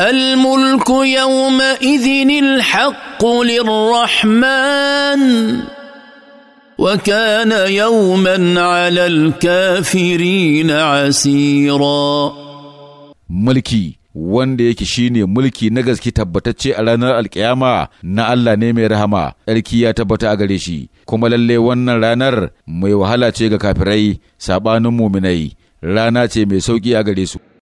الملك يومئذ الحق للرحمن وكان يوما على الكافرين عسيرا ملكي wanda yake shine mulki na gaske tabbatacce a ranar alkiyama na Allah ne mai rahama tsarki ya tabbata a gare shi kuma lalle wannan ranar mai wahala ce ga kafirai sabanin muminai rana ce mai sauki a gare su